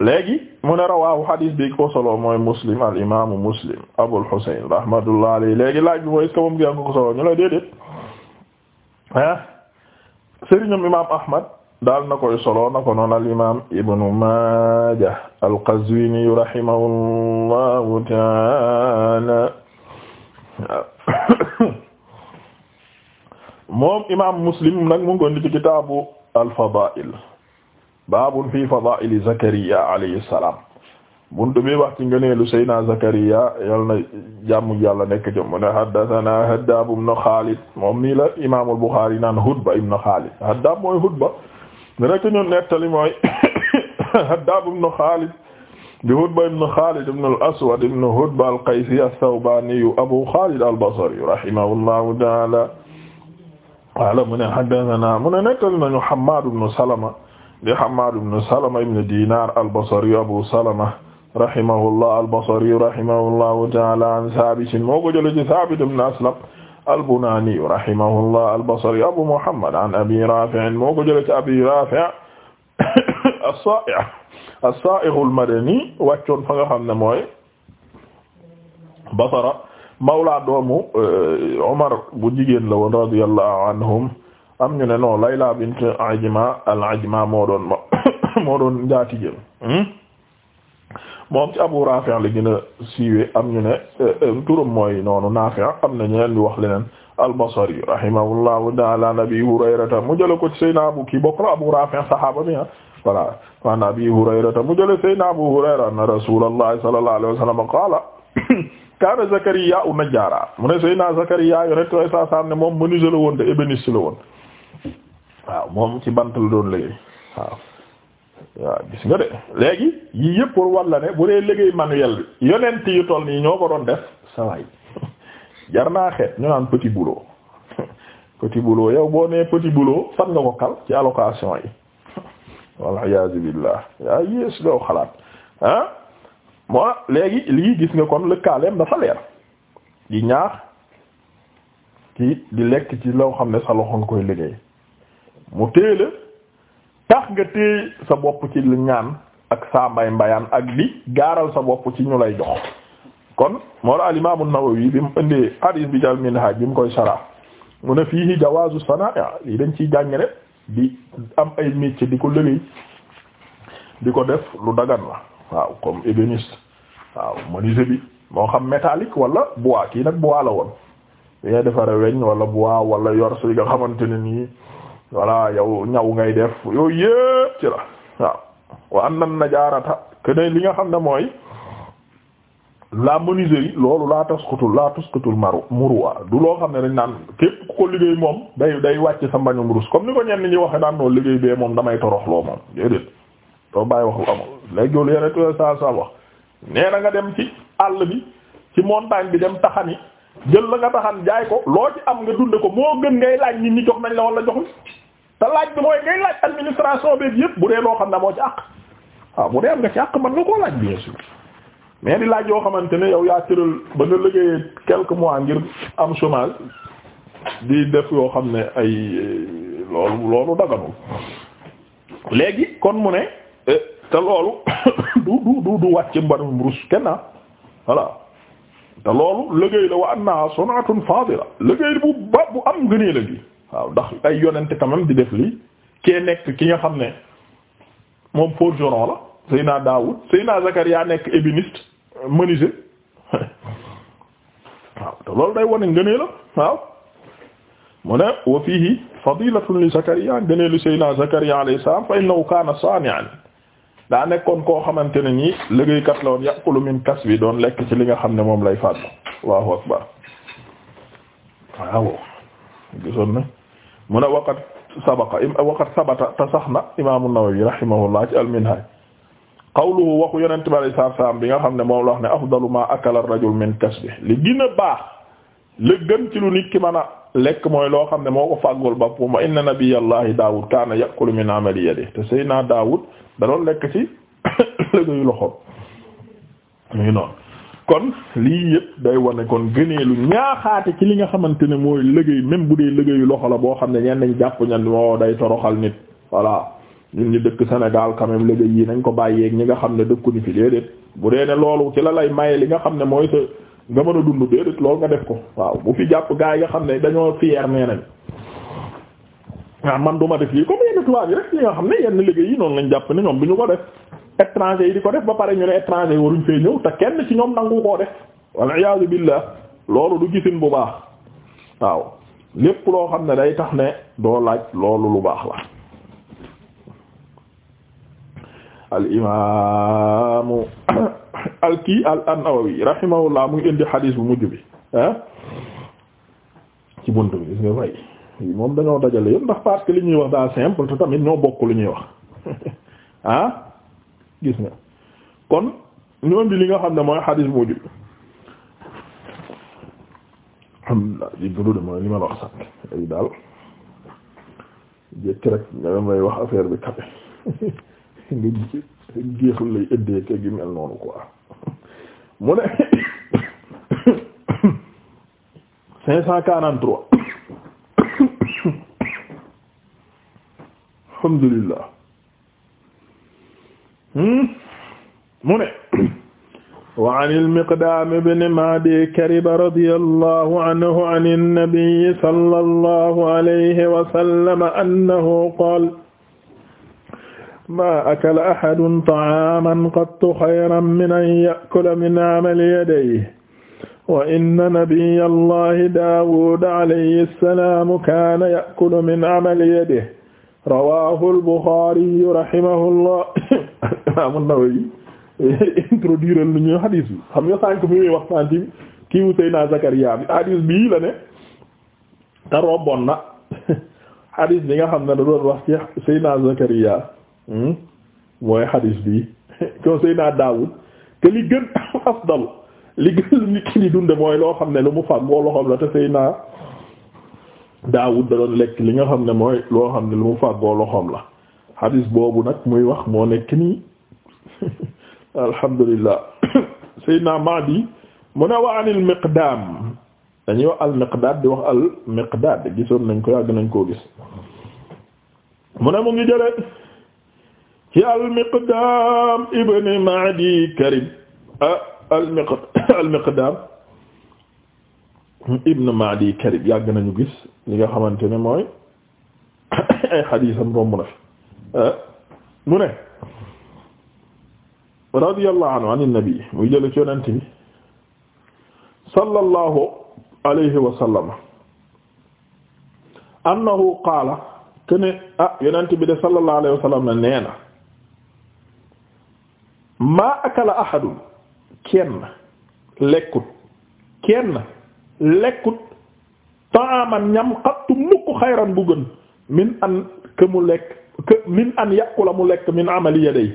léegi mu ne rawaahu hadis bi ko solo mooy muslim al imaamu muslim abul husayn rahmatullah alayhi léegi laaj bi mooy est moom nga ko solo ñu la déedéet ah sëriñam imaam ahmad daal na koy solo na ko noon al imaam ibnu maaja al qazwini rahimahullahu taala moom imaam muslim nag mu ngi ko indi kitaabu al fadaa'il baabun fi fadaa'ili Zakariya alayhi salaam buntu bi wax ci ngëneelu Seydina Zakariya yal na jàmm yàlla nekk ci mu ne haddasanaa Haddaab ibn Xaalid moom nii la imaamul Buxaari naan Hudba ibn Xaalid Haddaab mooy Hudba rek ñu nettali mooy Haddaab ibn Xaalid di Hudba ibn Xaalid ibn al-Aswad ibn Hudba al-Qaysi ath-Thawbaani Abu Xaalid al-Basri rahimahullahu ta'aala qaala mu ne haddasanaa mu ne nettali nañu Hammaad ibn Salama di Hammaad ibn Salama ibn Dinar al-Basri Abu Salama rahimahullah al-Basri rahimahullahu ta'ala an Saabit moo ko jëlee ci Saabit ibn Aslam al-Bunaani rahimahullah al-Basri Abu Muhammad an Abi Raafi' moo ko jëlee ci Abi Raafi' as-Saa'i' as-Saa'i' al-Madani wàccoon fa nga xam ne mooy Basra mawla doomu Umar euh, bu jigéen la woon radiyallahu anhum am ñu ne non Layla bint Ajma al Ajma moo doon moo doon njaatigéem hmm? moom ci Abu Rafi' la gën a siiwe am ñu ne eh, eh, turam mooy noonu Nafi' am na ñeneen ñu wax leneen al-Basri rahimahullahu ta'ala Abi Hurayrata mu jële ko ci Seydina Abu kii bokk la Abu Rafi' bi ah. voilà an Abi Hurayrata mu jële Seydina Abu Hurayra anna Rasulallahi sallallahu alayhi wa sallam qaala kaana Zakariya najjaara mu ne Seydina Zakariya yonent way sa ne moom menuisier la woon te ébéniste la woon waaw moom ci bant la doon liggéey waaw gis nga de léegi yii yëpp pour ne bu dee liggéey manuel bi yonent yu toll nii ñoo ko doon def sawaay jar naa xeet ñu naan petit boulot petit boulot yow boo nee petit boulot fan nga ko kal ci allocation yi walla iyaazu billaah yaa yées doo xalaat ah moo léegi lii gis nga kon lëkkaaleem dafa leer di ñaax ki di lekk ci loo xam ne sa loxo nga koy liggéey mu téela tax nga téye sa bopp ci li ñaan ak saa mbay mbayaan ak di gaaral sa bopp ci ñu lay dox kon moo la al imam an bi mu indee hadith bi jal minhaj bi mu koy sara mu ne fiihi jawaazu sanaa yi dañ ciy jàngale di am ay métier di ko lëgéey di ko def lu dagan la waaw comme ébéniste waaw menuisier bi moo xam métallique wala bois kii nag bois la woon bi ngay defare weñ wala bois wala yor si nga xamante ne nii voilà yow ñaw ngay def yooyu yépp ci la waaw wa an nan najaarata que ne li nga xam ne mooy la menuiserie loolu laa tasqutul laa tasqutul maru murwa du loo xam ne dañ naan képp liggéey moom day day wàcc sa mbañum comme ni ko ñenn ñi waxe naan noonu liggéey bee moom damay toroxloo moom doo bàyyi wax lu amul léegi yoolu yéretu sa sa wax nee na nga dem ci àll bi ci montagne bi dem taxani jël la nga taxan jaay ko loo ci am nga dunde ko moo gën ngay laaj ni ñi jox nañ la wala joxuñ te laaj bi mooy ngay laaj administration beeg yëpp bu dee loo xam ne moo ci àq waaw bu dee am nga ci àq man nga koo laaj bien sûr mais di laaj yoo xamante ne yow yaa tëral ba nga liggéeyee quelques mois ngir am chômage di def yoo xam ne ay loolu loolu daganul léegi kon mu ne eh, te loolu du du du du wàcc mbarum rus kenn ah voilà te loolu liggéey la wa annaha sun'atun fadila liggéey bu ba bu am gënee la waaw ndax ay yonente quand di def lii kee nekk ki nga xam ne moom forgeron la Seyna Daoud Seyna Zakaria nekk ébéniste menuisier waaw te loolu day wane ngënee la waaw mu ne wa fihi fadilatun li Zakaria ngënee lu Seyna Zakaria alayhi salam fa innahu kana sani'an daa nekkoon koo xamante ne nii liggéeykat la woon yàqulu min kas bi doon lekk ci li nga xam ne moom lay fàttu allahu akbar waaw gisoon na mu a waqat sabaqa waqat sabata te sax na imaamu Nawawi rahimahullah ci al-Minhaj qawluhu waxu yonent bi alayhi salaatu salaam bi nga xam ne moom la wax ne afdalu ma akala ar-rajul min kasbi li gën baax la gën ci lu nit ki a lekk mooy loo xam ne moo ko fàggul boppam wa inna nabiyallahi Daawud kaana yakulu min amali yadihi te Seydina Daawud da doon lekk ci liggéeyu loxo muy noonu kon lii yëpp day wane kon gënee lu ñaaxaate ci li nga xamante ne mooy liggéey même bu dee liggéeyu loxo la boo xam ne ñenn ñi jàpp ñan moo day toroxal nit voilà ñu ñu dëkk senegal quand même liggéey yi nañ ko bàyyeeg ñi nga xam ne dëkkuñu fi déedéet bu dee ne loolu ci la lay maye li nga xam ne mooy sa nga mën a dund déedéet loolu nga def ko waaw bu fi jàpp gaa xam ne dañoo fier nee nañ waaw man duma def lii comme yenn tubaab yi rek yi nga xam ne yenn liggéey yi noonu lañ jàpp ne ñoom bi ñu ko def étranger yi di ko def ba pare ñu ne étranger yi waruñ fee ñëw te kenn ci ñoom nangu koo def walla iyaazu billaah loolu du gisin bu baax waaw lépp loo xam ne day tax ne doo laaj loolu lu baax la al imaamu al kii al an-Nawawi rahimahullah mu indi xadiis bu mujj bi ah ci bunt bi gis nga way moom dañoo dajale yëpp ndax parce li ñuy wax daa simple te tamit ñoo bokk lu ñuy wax ah gis nga kon ñu indi li nga xam ne mooy xadiis bu mujj bi alhamdulillah li gëlude mooy li ma la wax sànq ay daal jëkk rek nga may wax affaire bi kape nga géexul lay ëddee ke gi mel noonu quoi mu ne cinq cent quarante trois alhamdulillah hmm? mu ne wa an al-Miqdaam ibn Ma'di Kariba radiyallahu anhu an an-nabiy sallallahu alayhi wa sallam annahu qaala maa akala ahadun ta'aaman qattu xayran min an ya'kula min amali yadayhi wa inna nabiyya allahi daawuda alayhi salaam kaana ya'kulu min amali yadihi rawaahu al-Buxaari rahimahullah imaam an-Nawawi introduire lu ñuy hadis bi xam nga sànk mi muy wax sànk kii wu Seydina Zakariya bi hadis bii la ne te robboon na hadis bi nga xam ne da doon wax ci Seydina Zakariya Hmm? mooy xadis bi kon Seydina Daawud te li gën afdal li gën lu nit ki dunde mooy loo xam ne lu mu fàgg loxoom la te Seydina Daawud da doon li nga xam ne mooy loo xam ne lu la xadis boobu nag muy wax moo nekk nii alhamdulillah Seydina Mahdi mu ne wa anil Miqdaam dañuy wax al Miqdaad di wax al Miqdaad gisoon nañ ko yàgg nañ koo gis mu ne mu ngi jëlee ci al-Miqdaam ibn Ma'di Karim ah al-Miqdaam ibn Ma'di Karim yàgg nañu gis li nga xamante ne mooy ay xadiisam romb na fi ah, mu ne radiyallahu anhu an an-nabi muy jële ci yonent bi sallallahu alayhi wa sallam annahu qaala kene ah yonent bi de sallallahu alayhi wa sallam nee na maa akala ahadun kenn lekkut kenn lekkut taaman ñam xattu mukk xayran bu gën min an ke mu lekk ke min an yàqula mu lekk min amali yaday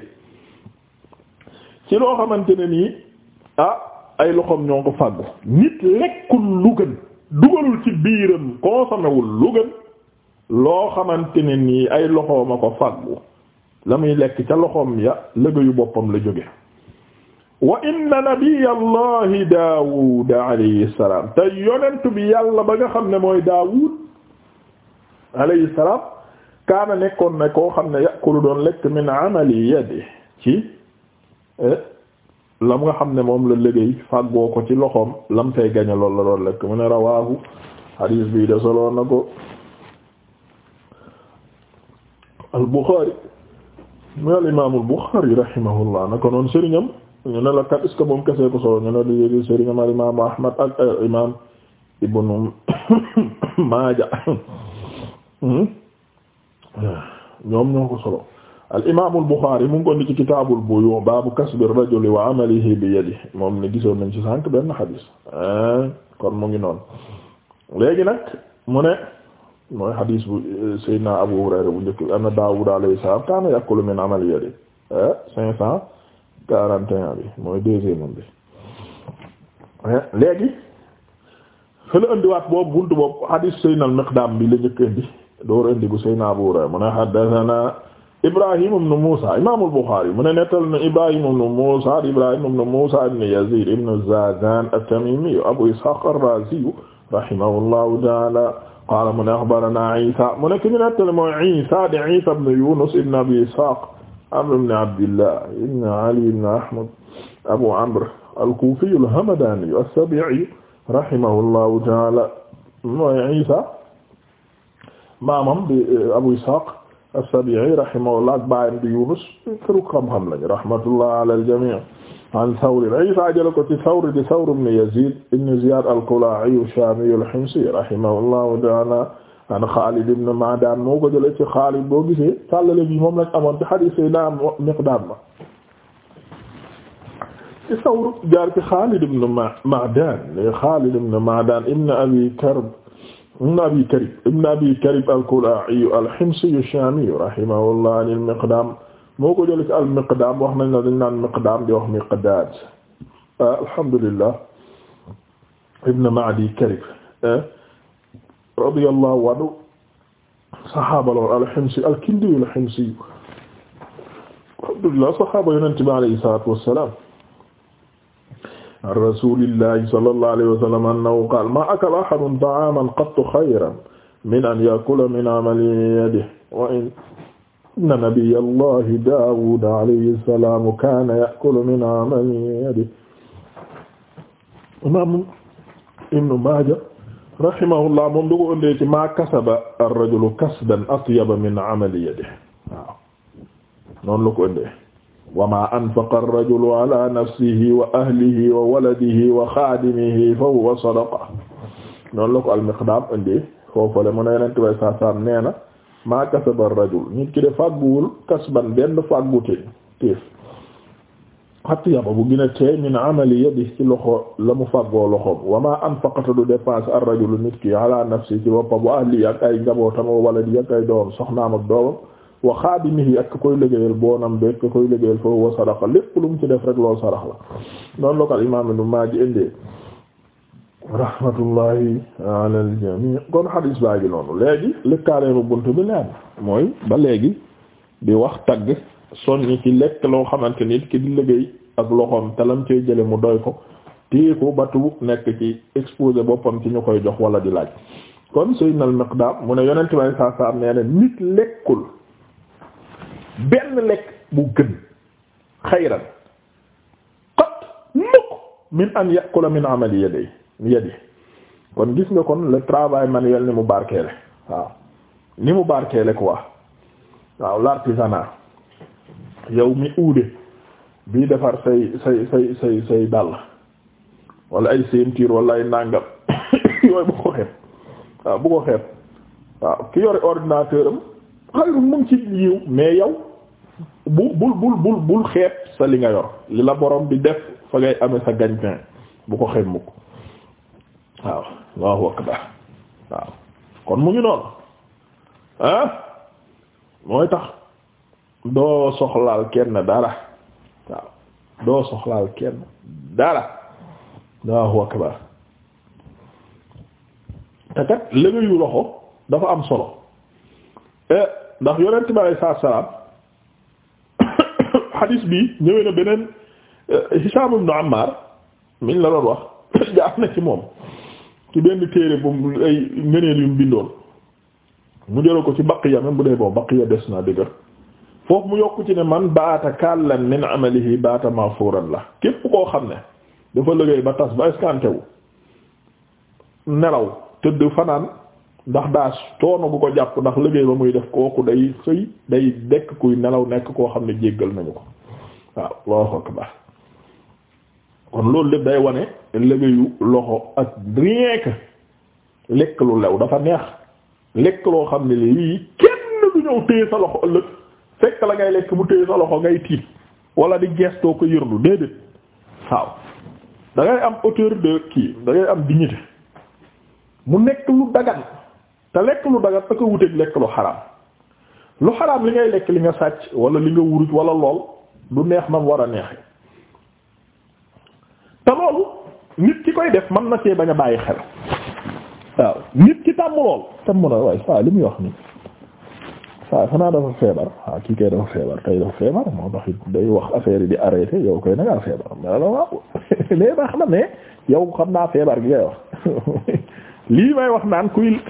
ci loo xamante ne nii ah ay loxoom ñoo ko fàggu nit lekkul lu gën dugalul ci biiram koo samewul lu gën loo xamante ne nii ay loxoom a ko fàggu la muy lekk ca loxoom ya lëgëyu boppam la jóge wa inna nabiyallahi daawud alayhi salaam te yonent bi yàlla ba nga xam ne mooy daawud alayhi salaam kaana nekkoon na koo xam ne yàqulu doon lekk min amali eh, nga xam ne moom la liggéey fàggoo ko ci loxoom lam tay gañe lool la doon lekk mu ne rawaahu hadis bi de soloon na ko al mooy al imaamul Buxaari rahimahullah naka noonu sëriñam ñu ne la kat est ce que moom kese ko solo ñu ne la sëriñam al imaamu Ahmad ak al euh, imaam Maaja hmm? ñoom ñoo ko solo al imaamul Buxaari mu ko ni ci kitaabul buyuu baabu kasbi rajuli wa amalihi bi yadihi moom ne gisoon nañ ci sànq benn xadiis eh, kon mu ngi noonu léegi nag mu ne. mooy hadis bu euh, Abu Hurayra bu njëkk anna Daawud alayhi salaam kaana yakulu min amali yadi cinq cent quarante et un bi mooy deuxième bi léegi fële indiwaat boobu buntu boobu hadis Seydina al-Miqdaam bi la njëkk door indi bu Seydina Abu Hurayra mu ne Ibrahim ibn Musa na Ibrahim ibn Musa ibn Musa ibn Yazid Zazan at-Tamimi Abu Ishaq ar-Razi rahimahullahu ta'ala qaala mu ne axbaranaa Isa mu ne ki ñu nettali mooy Isa di Isa ibn Yunus ibn Abi Ishaq Amr ibn Abdillah ibn Ali ibn Ahmad Abu Amr al-Kufi al-Hamdani as-Sabi'i rahimahullahu ta'ala mooy Isa maamam di Abu Ishaq as-Sabi'i rahimahullah ak baayam di Yunus këru xam-xam lañu rahmatullah ala al-jami' an Thawr ay saa jëlee ko ci Thawr di Thawr ibn Yazid ibn Ziyad al-Qula'i ash-Shami al-Himsi rahimahullahu ta'ala an Khalid ibn Ma'dan moo ko jëlee ci Khalid boo gisee sàllale bi moom lañ amoon ci hadith Seydina Miqdad ma ci Thawr jaar ci Khalid ibn Ma'dan Khalid ibn Ma'dan ibn Abi Karib ibn Abi Karib ibn Abi Karib al-Qula'i al-Himsi ash-Shami rahimahullah an al-Miqdam moo ko jëlee ci al-Miqdaam wax nañ la dañ naan Miqdaam di wax Miqdaad euh, alhamdulillah ibn Ma'di Karib euh, radiyallahu anhu saxaaba la woon al-Himsi al-Kindi al-Himsi alhamdulillah saxaaba Yonent bi alayhi salaatu wa salaam an rasuulillahi sallallahu alayhi wa sallam annahu qaala maa akala ahadun ta'aaman qattu xayran min an ya'kula min amali yadihi wa in inna nabiyyallahi Daawuda alayhi salaam kaana ya'kulu min 'amali yadihi. imaam Ibnu Maaja rahimahullah moom du ko ëndee ci maa kasaba ar-rajulu kasban atyaba min 'amali yadihi waaw noonu la ko ëndee. wa maa anfaqa ar-rajulu 'alaa nafsihi wa ahlihi wa waladihi wa xaadimihi fa huwa sadaqa noonu la ko al-Miqdaam ëndee foofule mu ne Yonent bi sallallahu alayhi wa sallam nee na. maa kasaba rajul nit ki de fàgguwul kasban benn fàggute téef xatiyaba bu gën a teey na amali yadi ci loxo la mu fàggoo loxoom wa ma anfaqata du dépense ar rajul nit ki ala nafsi ci boppam wa ahli ak ay njabootam wa waladi ak ay doomam soxnaam ak doomam wa xaadimihi ak ka koy liggéeyal boonam beeg ka koy liggéeyal foofu wa sadaqa lépp lu mu ci def rek loolu sarax la noonu la ko al imaam Ibn Maaja indee rahmatullahi ala aljami kon xadis baa gi noonu léegi lëkkaaleelu bunt bi leen mooy ba léegi di wax tagg soññi ci lekk loo xamante ni ki di liggéey ak loxoom talam cee jële mu doy ko téye ko batu nekk ci exposé boppam ci ñu koy jox wala di laaj kon sayyidna al Miqdaam mu ne yonent bay saa saa nee ne nit lekkul benn lekk bu gën xayran qat mukk min an yaqula min amali yadayhi yadi kon gis nga kon le travail manuel ni mu barkeele waaw ni mu barkeele quoi waaw l'artisanat yow mi uude bii defar say say say say say dàll wala ay ceinture wala ay nàngam yooyu bu ko xeeb waaw bu ko xeeb waaw ki yore ordinateuram am xayru mu ci yiw mais yow bu bul bul bul bul xeeb sa li nga yor li la borom bi def fa ngay amee sa gagne-pain bu ko xeeb mukk waaw Allahu akbar waaw kon mu ngi noonu ah mooy tax doo soxlaal kenn dara waaw doo soxlaal kenn dara Allahu akbar te kat liggéeyu loxo dafa am solo eh, ndax yonent bi alayhi salaatu salaam xadiis bi ñëwee na beneen eh, Hishaam ibn Ammaar miñ la doon wax jaar na ci moom ci benn téere bu mu ay ngëneel yu mu bindoon mu jëloo ko ci baqiya même bu dee boo baqiya des naa dëgër foofu mu yokk ci ne man baata kàllan min amalihi baata mafuran la képp koo xam ne dafa liggéey ba tas ba escanté nelaw tëdd fanaan ndax daa coono bu ko jàpp ndax liggéey ba muy def kooku day xëy day dekk kuy nelaw nekk koo xam ne jéggal nañu ko waaw Allahu akbar kon loolu de day wane liggéeyu loxo ak rien que lekk lu lew dafa neex lekk loo xam ne lii kenn du ñëw téye sa loxo ëllëg fekk la ngay lekk mu téye sa loxo ngay tiit wala di gestoo ko yërlu déedéet waaw da am hauteur de kii da ngay am dignité mu nekk lu dagan te lekk lu dagan da ko wuteeg lekk lu xaraam lu xaraam li ngay lekk li nga sàcc wala li nga wurut wala lool du neex nam war a neexee te loolu nit ki koy def man na see bañ a bàyyi xel waaw nit ki tàmm lool tàmm na waaye saa li muy wax nii saa xanaa dafa feebar waaw kii kay dafa feebar tey dafa feebar moo tax day wax affaire yi di arrêté yow koy nangaa feebar mais la waaw mais baax na mais yow xam naa feebar gi ngay wax lii may wax naan kuy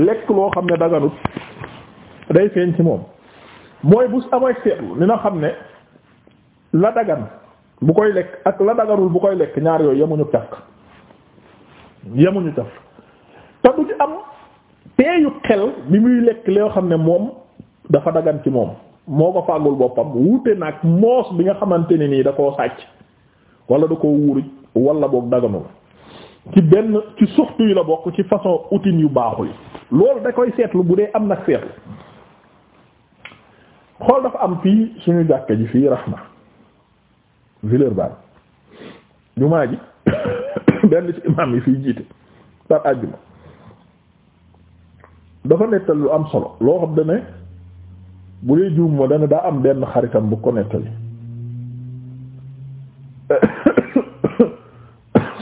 lekk loo xam ne daganut day feeñ ci moom mooy bu amee seetlu dina xam ne la dagan bu koy lekk ak la dagarul bu koy lekk ñaar yooyu yemuñu cafk yamuñu caf te du ci am teeyu xel bi muy lekk loo xam ne moom dafa dagan ci moom moo ko fàggul boppam wuute nag moos bi nga xamante ne nii da koo sàcc wala da koo wuuruj wala boog daganul ci benn ci suxtu yi la bokk ci façon outil yu baaxul loolu da koy seetlu bu dee am nag seetlu xool dafa am fii suñu jàkka ji fii rahma Villeurbanne jumaa ji benn ci imam yi fiy jiite dafa nettal lu am solo loo xam dane bu dee juum dana daa am benn xaritam bu ko nettali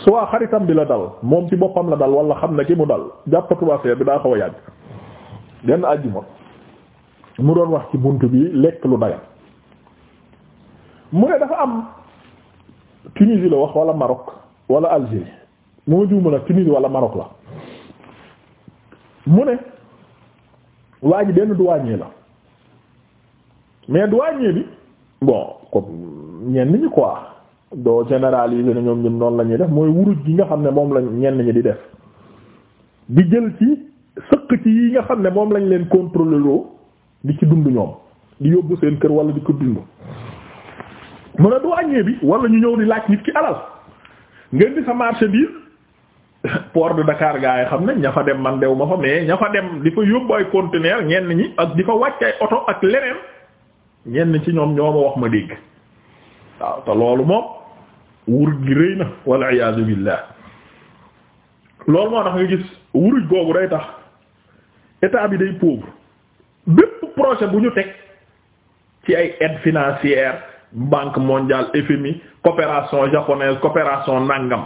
soit xaritam bi la dal moom ci boppam la dal walla xam ne ki mu dal jàppatubaafee bi daa xaw a yàgg benn àjjuma mu doon wax ci bunt bi lekk lu dagan mu ne dafa am Tunisie la wax wala marok wala Algérie moo juuma nag Tunisie wala Maroc la mu ne waa ji benn douanier la mais du douanier bi bon comme ñenn ñi quoi doo généraliser na ñoom ñun noonu la ñuy def mooy wuruj gi nga xam ne moom lañ ñenn ñi di def di jël ci sëq ci yi nga xam ne moom lañ leen contrôler loo di ci dund ñoom di yóbbu seen kër wala di ko dund mu du douanier bi wala ñu ñëw di laaj nit ki alal ngeen di sa marché biir port de Dakar gaa yi xam ne ña fa dem man dew ma fa mais ña fa dem di fa yóbbu ay conteneur ñenn ñi ak di fa wàcc ay oto ak leneen ñenn ci ñoom ñoo ma wax ma dégg waaw te loolu moom wuruj gi rëy na walla iyaazu billaah loolu moo tax nga gis wuruj googu day tax état bi day pauvre bépp projet bu ñu teg ci ay aide financière banque mondiale FMI coopération japonaise coopération nangam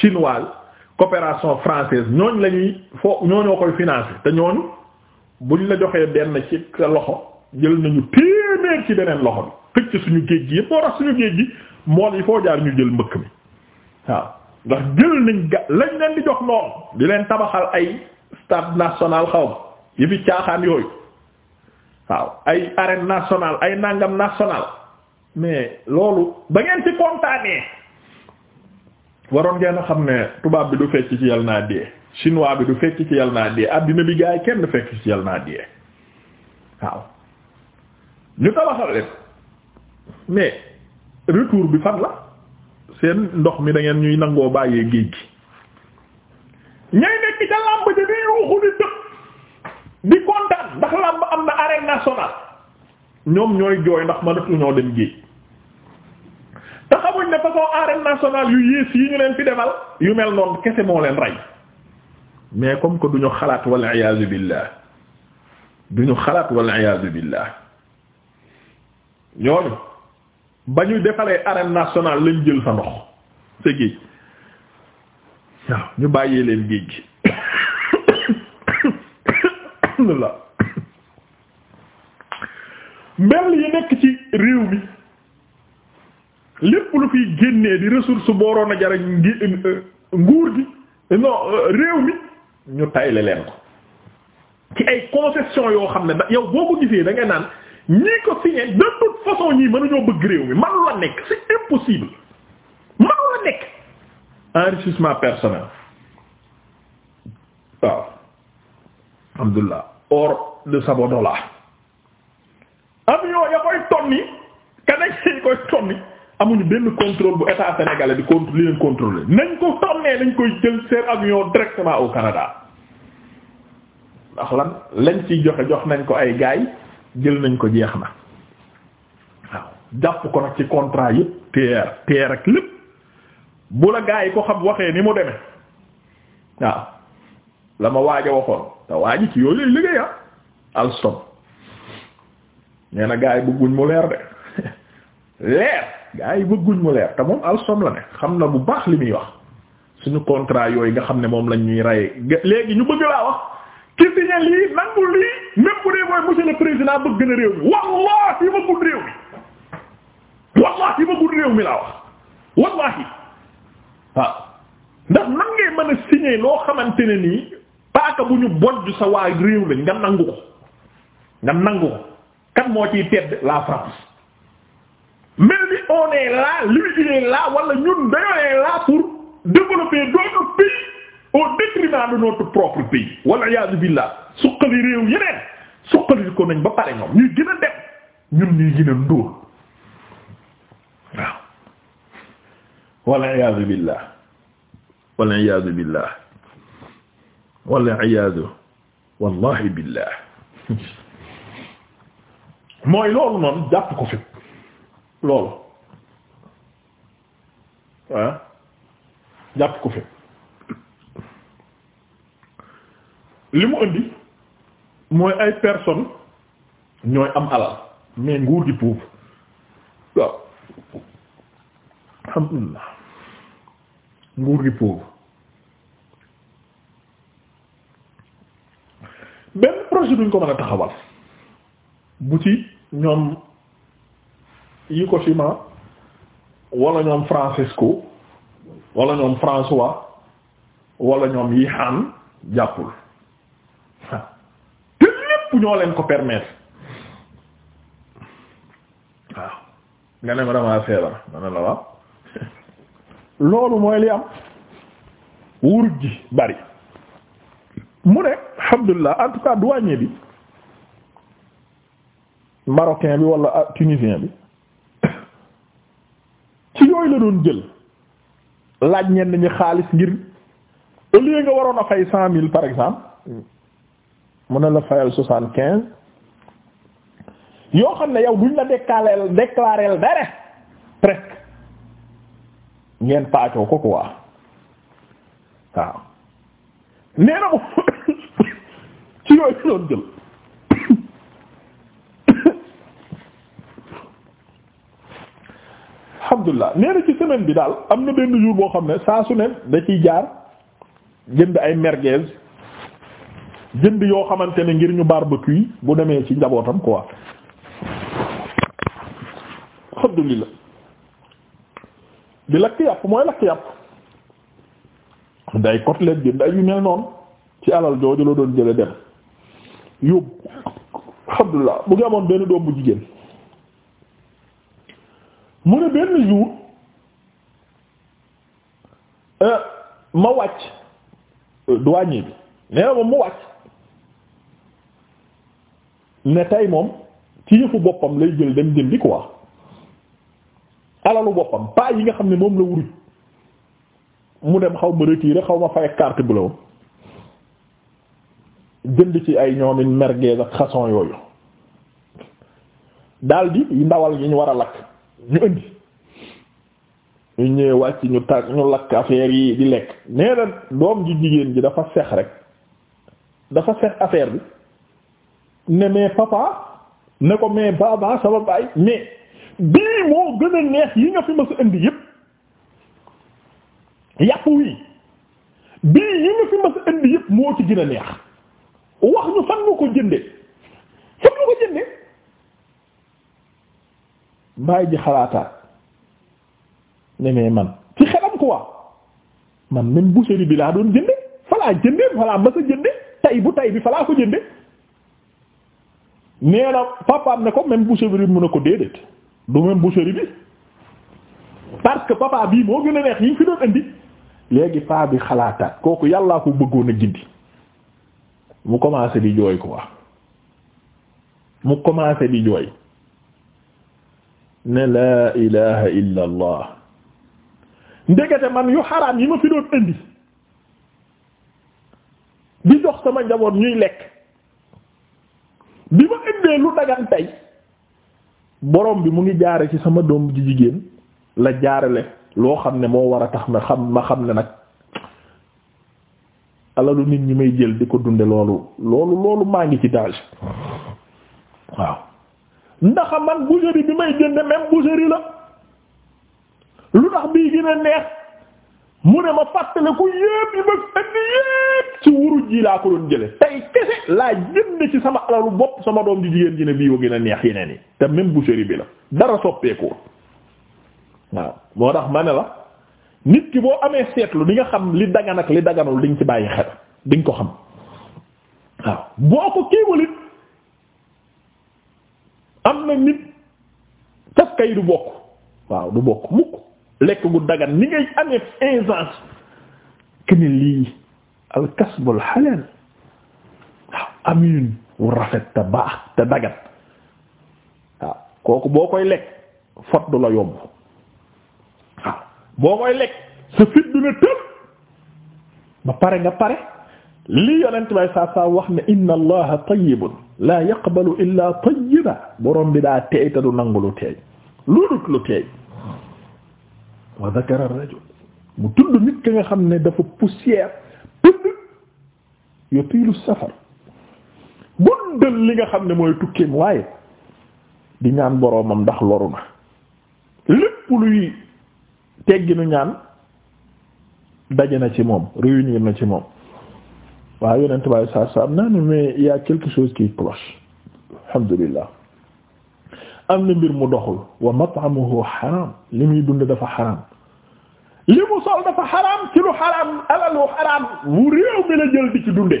chinoise coopération française ñooñ la ñuy fo ñooñoo koy financé te ñooñu buñ la joxee benn ci sa loxo jël nañu téeméer ci beneen loxo bi xëcc suñu géej gi yëpp moo tax suñu géej gi mool yi foo jaar ñu jël mbëkk mi waaw ndax jël nañ ga lañ leen di jox noonu di leen tabaxal ay stade national xaw ma yi fi caaxaan yooyu waaw ay arène national ay nangam national mais loolu ba ngeen ci kontaanee waroon ngeen xam ne tubaab bi du fecc ci yal naa dee chinois bi du fecc ci yal naa dee addina bi gaa yi kenn du fecc ci yal naa dee waaw ñu tabaxal leen mais retour bi fan la seen ndox mi dangeen ñuy nangoo bàyyee géej gi ñay nekk ca làmb ji day waxu di dëkk di kontaan ndax làmb am na arène nationale ñoom ñooy jooy ndax mënatuñoo dem géej façon arène nationale yu yées yi ñu leen fi demal yu mel noonu kese moo leen rey mais comme que duñu xalaat walla iyaazu billaah duñu xalaat walla iyaazu billaah ñooñu ba ñu defalee arène nationale lañ jël sa ndox sa géej waaw ñu bàyyee leen géej gi mbel yi nekk ci réew mi lépp lu fiy génnee di ressource booroon a jara ngi euh, nguur gi euh, réew mi ñu tayle leen ko ci ay concession yoo xam ne da yow boo ko gisee da naan ñii ko signé de toute façon ñii mënuñoo bëgg réew mi manu la nekk c'est impossible manu la nekk enrichissement personnel waaw alhamdulillah or de Sabodola avion ya koy tonni kanay yi koy tonni amuñu benn contrôle bu état sénégalais di con li leen contrôler nañ ko tonnee nañ koy jël seen avion directement au Canada ndax lan lañ ciy joxe jox nañ ko ay gaay jël nañ ko jeex na waaw jàpp ko nag ci contrat yëpp teer teer ak lépp bu la gaay ko xam waxee ni mu deme waaw la ma waaj a waxoon te waaj ci yooyu lay liggéey ah Alstom nee na gaay bëgguñ mu leer de leer. ay yi bëgguñ mu leer te moom alsom ne xam na bu baax li muy wax suñu contrat yooyu nga xam ne moom lañ ñuy rayee léegi ñu bëgg laa wax ki signé lii nangul lii même dee mooy monsieur le président bëgg na réew mi wallahi bëggul réew mi wallahi bëggul wax ndax nan mën a signé loo xamante ne nii paaka bu ñu bojj sa waa réew lañ nga nangu ko nga nangu ko kan moo ciy tedd la France on est là l'humanité est là wala ñun dañoo est là pour développer d'autres pays au détriment de notre propre pays wala iyaazu billah suqali réew yeneen suqali ko nañ ba pare ñoom ñuy gën a dem ñun ñuy gën a ndóol waaw wala iyaazu billah wala iyaazu wallahi billah mooy loolu noonu jàpp ko fi loolu ah jàpp ko fi li mu indi mooy ay personnes ñooy am alal mais nguur gi puub waaw alhamdulillah nguur di puub benn projet duñ ko mën a taxawal bu ñoom yi ko ciment wala ñoom Francisco wala ñoom François wala ñoom yi xaan jàppul te lépp ñoo leen ko permettre waaw nga ne ma damaa feebar ma ne la waaw loolu mooy li am wuruj bari mu ne alhamdulilah en tout cas douanier bi marocain bi wala tunisien bi la doon jël laaj ñenn ñi xaalis ngir au lieu nga waroon a fay cent mille par exemple mën na la fayal soixante quinze yoo xam ne yow duñ la déclareel déclareel dara presque ngeen paacoo ko quoi waaw nee na mu yooyu la doon jël alhamdulilah nee na ci semaine bi daal am na benn jour boo xam ne saa su ne da ciy jaar jënd ay merguez jënd yoo xamante ne ngir ñu baar barbecue bu demee ci njabootam quoi alhamdulilah di lakk yàpp mooy lakk yàpp day côtelette jënd ay yu mel ci alal jooju la doon jële dem yóbbu alhamdulilah bu ngi amoon benn doom bu jigéen mu ne benn jour euh, ma wàcc euh, douanier bi nee moom mu wàcc ne tey moom ci yëfu boppam lay jël dem jëndi quoi alalu boppam pas yi nga xam ne moom la wuruj mu dem xaw ma retirer xaw ma fay carte bleue jënd ci ay ñoomin merguez ak xason yooyu daldi ndawal yi ñu war a lakk ñu indi ñu ñëwee wàcc ñu tàgg ñu lakk affaire yi di lekk nee na doom ji jigéen ji dafa sex rek dafa sex affaire bi ne mais papa ne ko mais baba sama baay mais bii moo gën a neex yi nga fi ma sa indi yépp yàpp wi bii yi nga fi ma sa indi yépp moo ci gën a neex wax ñu fan nga ko jënde fan nga ko jënde bàyyi ji xalaataat ne man ci xelam quoi man même boucherie bi laa doon jënde falaa jënde falaa mas a jënde tay bu tay bi falaa ko jënde nee papaam ne ko même boucherie bi mun a ko déedéet du même boucherie bi parce que papa bii moo gën a neex yi ñu doon indi léegi paa bi xalaataat kooku yàllaa ko bëggoon a gindi mu commencé di jooy ko quoi mu commencé di jooy ne laa ilaha illa allah man yu xaraam yi ma fi doon indi di jox sama njaboot ñuy lekk bi ma indee lu dagan tey borom bi mu ngi jaare ci sama doom ji jigéen la jaarale loo xam ne moo war a tax ma xam ma xam ne nag alalu nit ñi may jël di ko dunde loolu loolu loolu maa ngi ci danger waaw ndax man boucherie bi may jënd même boucherie la lu tax bii gën a neex mu ne ma fàttale ku yépp yi ma fenn yépp ci wuruj ji laa ko doon jële tey kese laa jënd ci sama alalu bopp sama doom di jigéen ji ne bii wa gën a neex yeneen yi te même boucherie bi la dara soppeeku waaw moo tax ma ne la nit ki boo amee seetlu di nga xam li dagan ak li daganul di nga ci bàyyi xel di ko xam waaw boo ko kiiwalit am na nit caskay du bokk waaw du bokk mukk lekk gu dagan ni ngay amee aisance kene lii al kasbul halal waaw amin wu rafet te baax te dagan waaw kooku boo koy lekk fot du la yomb waaw boo koy lekk sa fit du la tëb ba pare nga pare lii yonent bay saa saa wax ne inna allaha tayyibun laa yaqbalu illaa tayyiba borom bi daa teey te du nangu lu teey lu dut lu teey wa dhakara ar mu tudd nit ki nga xam ne dafa poussière pëdd yutiilu safar bundal li nga xam ne mooy tukkeem waaye di ñaan boroomam ndax loru na lépp luy tegginu ñaan daje na ci moom réunir na ci moom waaw yonent baay saar sa am naa ne mais il y quelque chose qui cloche alhamdulillah am na mbir mu doxul wa mat'amuhu xaram li muy dund dafa xaram li mu sol dafa xaram ci lu xaram alalu xaram bu réew mi la jël di ci dunde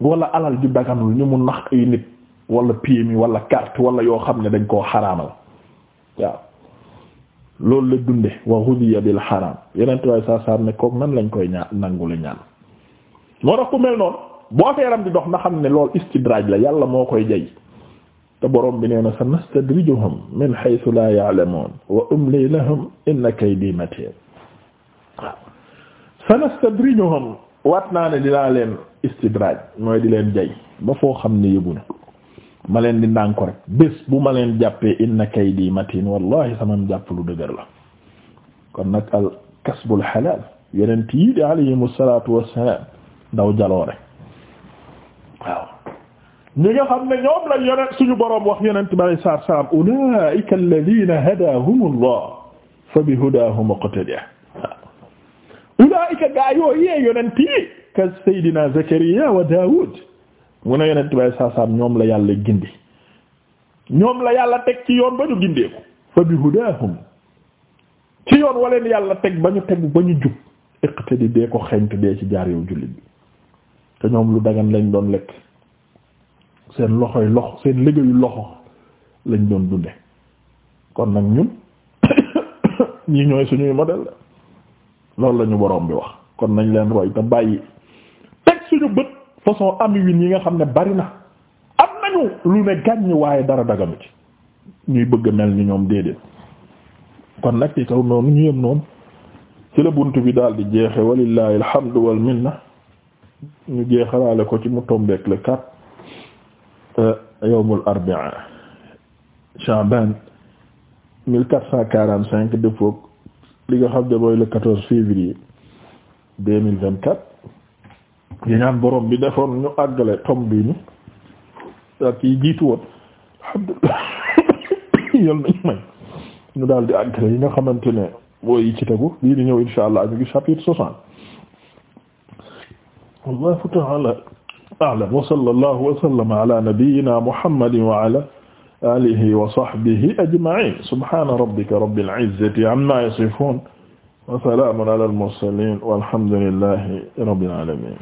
wala alal ju daganul ñu mu nax ay nit wala PMI wala carte wala yoo xam ne dañ koo xaraamal waaw loolu la dunde wa ghudiya bil haram yenente waaye saa saar ne nan lañ koy ñaan nangule ñaan moo tax ku mel noonu boo feeram di dox na xam ne lool loolu istidraaj la yàlla moo koy jay te borom bi nee na sanastadrijuhum min haythu la ya'lamun wa umli lahum inna kaydi matin waaw sanastadrijuhum waat naa ne dinaa leen istidraaj mooy di leen jay ba foo xam ne yëguñu ma leen di ndànk ko rek bés bu ma leen jàppee inna kaydi matin wallahi sama jàpp lu dëgër la kon nag al kasbul halal yeneen yi di salaatu wassalaam daw jaloore waaw ñi nga xam ne ñoom la yonent suñu boroom wax yonent bi alayhi salaatu wassalaam ulaa'ika alladhiina hadaahumullah fa bihudaahum iqtadih ulaa'ika gaa yooyee yonent yi ka Seydina wa Daawud mu ne yonent bay saasaam ñoom la yàlla gindi ñoom la yàlla teg ci yoon ba ñu gindeeku fa bi hudaahum ci yoon waleen yàlla teg ba ñu teg ba ñu jub iqtadi dee ko xeeñt dee ci jaar yow jullit bi te ñoom lu dagan lañ doon lekk seen loxoy loxo seen liggéeyu loxo lañ doon dunde kon nag ñun ñi ñooy suñuy modèle loolu la ñu boroom bi wax kon nañ leen roy te bàyyi teg suñu bët façon ami win yi nga xam ne bari na am nañu lu ne gàññ waaye dara daganu ci ñuy bëgg mel ni ñoom déedéet kon nag ci kaw noonu ñu yem noonu ci la bunt bi daal di jeexe walillahi alhamdu wal minna ñu jeexalaale ko ci mu tombeek le kat euh, yawmul arbi'a Sha'ban 1445 dëppook li nga xam ne mooy le 14 février 2024 di ñaan borom bi defoon ñu àggale tom bi ni ak yi jiitu woon alhamdulillah yal nañ may ñu daal di àggale yi nga xamante ne boo yi ci tegu bii di ñëw insha allah ñu ngi chapitre soixante wallahu ta'ala a'lam wa sallallahu wa sallama ala nabiyyina muhammadin wa ala alihi wa sahbihi ajma'in subhana rabbika rabbil izzati amma yasifun wa salamun ala al mursalin walhamdulillahi rabbil alamin